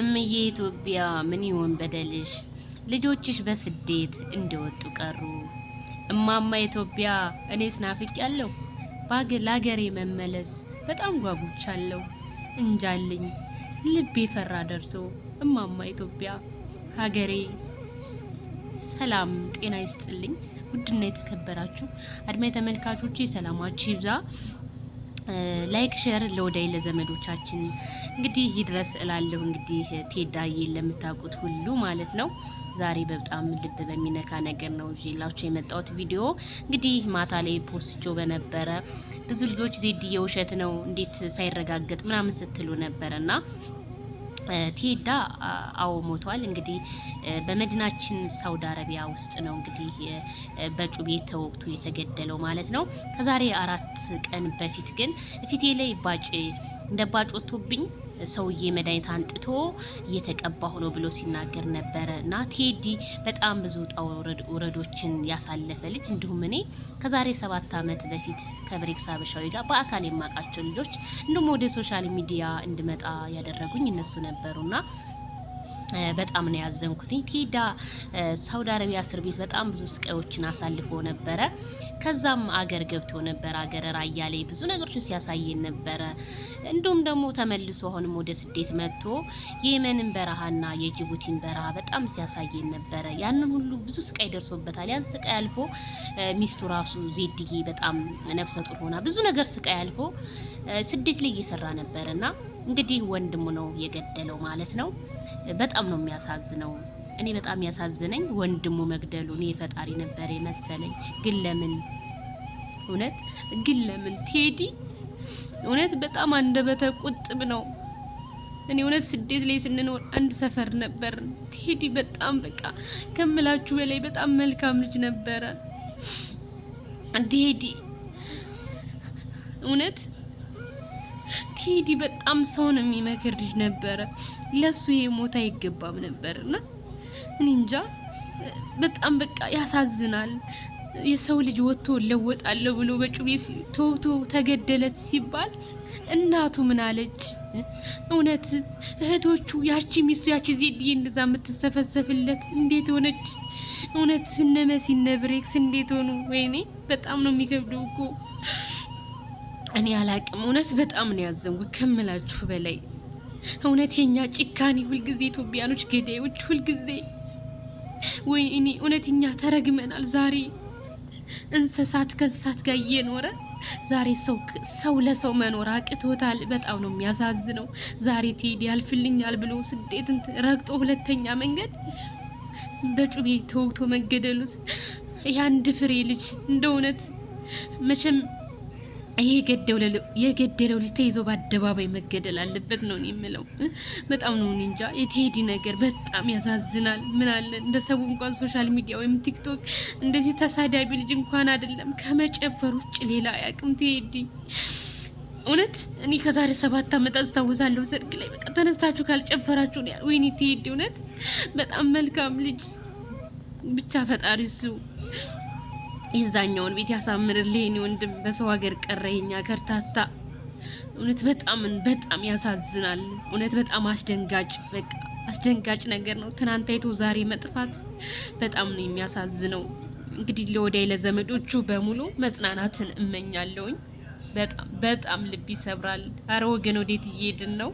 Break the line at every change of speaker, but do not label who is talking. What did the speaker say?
እምዬ ኢትዮጵያ ምን ይሆን በደልሽ? ልጆችሽ በስደት እንደወጡ ቀሩ። እማማ ኢትዮጵያ እኔስ ናፍቄያለሁ። ለአገሬ መመለስ በጣም ጓጉቻለሁ። እንጃልኝ ልቤ ፈራ ደርሶ እማማ ኢትዮጵያ ሀገሬ ሰላም ጤና ይስጥልኝ። ውድና የተከበራችሁ አድማ ተመልካቾቼ ሰላማችሁ ይብዛ። ላይክ ሼር ለወዳይ ለዘመዶቻችን እንግዲህ ይድረስ እላለሁ። እንግዲህ ቴዳዬ ለምታውቁት ሁሉ ማለት ነው። ዛሬ በጣም ልብ በሚነካ ነገር ነው ይዤላችሁ የመጣሁት ቪዲዮ እንግዲህ ማታ ላይ ፖስቾ በነበረ ብዙ ልጆች ዜድዬ ውሸት ነው እንዴት ሳይረጋገጥ ምናምን ስትሉ ነበረና ቴዳ አዎ ሞቷል። እንግዲህ በመዲናችን ሳውዲ አረቢያ ውስጥ ነው እንግዲህ በጩቤ ተወቅቱ የተገደለው ማለት ነው። ከዛሬ አራት ቀን በፊት ግን ፊቴ ላይ ባጭ እንደ ባጭ ወጥቶብኝ ሰውዬ መድኃኒት አንጥቶ እየተቀባሁ ነው ብሎ ሲናገር ነበረ እና ቴዲ በጣም ብዙ ውጣ ውረዶችን ያሳለፈ ልጅ እንዲሁም እኔ ከዛሬ ሰባት ዓመት በፊት ከብሬክስ አበሻዊ ጋር በአካል የማውቃቸው ልጆች እንዲሁም ወደ ሶሻል ሚዲያ እንድመጣ ያደረጉኝ እነሱ ነበሩና በጣም ነው ያዘንኩት። ቴዳ ሳውዲ አረቢያ እስር ቤት በጣም ብዙ ስቃዮችን አሳልፎ ነበረ። ከዛም አገር ገብቶ ነበረ። አገር ራያ ላይ ብዙ ነገሮችን ሲያሳየን ነበረ። እንዲሁም ደግሞ ተመልሶ አሁንም ወደ ስደት መጥቶ የየመንን በረሃና የጅቡቲን በረሃ በጣም ሲያሳየን ነበረ። ያንን ሁሉ ብዙ ስቃይ ደርሶበታል። ያን ስቃይ አልፎ ሚስቱ ራሱ ዜድዬ በጣም ነፍሰ ጡር ሆና ብዙ ነገር ስቃይ አልፎ ስደት ላይ እየሰራ ነበረና እንግዲህ ወንድሙ ነው የገደለው ማለት ነው በጣም በጣም ነው የሚያሳዝነው። እኔ በጣም ያሳዝነኝ ወንድሙ መግደሉ እኔ የፈጣሪ ነበር የመሰለኝ። ግን ለምን እውነት ግን ለምን ቴዲ እውነት በጣም አንደበተ ቁጥብ ነው። እኔ እውነት ስደት ላይ ስንኖር አንድ ሰፈር ነበር። ቴዲ በጣም በቃ ከምላችሁ በላይ በጣም መልካም ልጅ ነበረ ቴዲ እውነት ቴዲ በጣም ሰውን የሚመክር ልጅ ነበረ። ለሱ ይሄ ሞት አይገባም ነበርና እኔ እንጃ በጣም በቃ ያሳዝናል። የሰው ልጅ ወጥቶ ለወጣለሁ ብሎ በጩቤ ቶቶ ተገደለት ሲባል እናቱ ምን አለች? እውነት እህቶቹ ያቺ ሚስቱ ያቺ ዜድዬ እንደዛ የምትሰፈሰፍለት እንዴት ሆነች? እውነት እነ መሲ እነ ብሬክስ እንዴት ሆኑ? ወይኔ በጣም ነው የሚከብደው እኮ እኔ አላቅም። እውነት በጣም ነው ያዘንኩት ከምላችሁ በላይ እውነት የኛ ጭካኔ ሁልጊዜ ኢትዮጵያኖች ገዳዮች፣ ሁልጊዜ ወይ እኔ እውነት እኛ ተረግመናል። ዛሬ እንስሳት ከእንስሳት ጋር እየኖረ ዛሬ ሰው ሰው ለሰው መኖር አቅቶታል። በጣም ነው የሚያሳዝነው። ዛሬ ቴዲ ያልፍልኛል ብሎ ስደት ረግጦ ሁለተኛ መንገድ በጩቤ ተወግቶ መገደሉት የአንድ ፍሬ ልጅ እንደ እውነት መቼም የገደለው ልጅ ተይዞ በአደባባይ መገደል አለበት ነው የምለው። በጣም ነው እንጃ የቴዲ ነገር በጣም ያሳዝናል። ምን አለ እንደ ሰቡ እንኳን ሶሻል ሚዲያ ወይም ቲክቶክ እንደዚህ ተሳዳቢ ልጅ እንኳን አይደለም ከመጨፈር ውጭ ሌላ አያውቅም ቴዲ። እውነት እኔ ከዛሬ ሰባት ዓመት አስታውሳለሁ ሰርግ ላይ በቃ ተነስታችሁ ካልጨፈራችሁ ያል ወይኔ ቴዲ እውነት በጣም መልካም ልጅ ብቻ ፈጣሪ እሱ የዛኛውን ቤት ያሳምርልኝ ወንድም። በሰው ሀገር ቀረኛ ከርታታ። እውነት በጣም በጣም ያሳዝናል። እውነት በጣም አስደንጋጭ በቃ አስደንጋጭ ነገር ነው። ትናንት አይቶ ዛሬ መጥፋት በጣም ነው የሚያሳዝነው። እንግዲህ ለወዳይ ለዘመዶቹ በሙሉ መጽናናትን እመኛለሁኝ። በጣም በጣም ልብ ይሰብራል። አረ ወገን ወዴት እየሄድን ነው?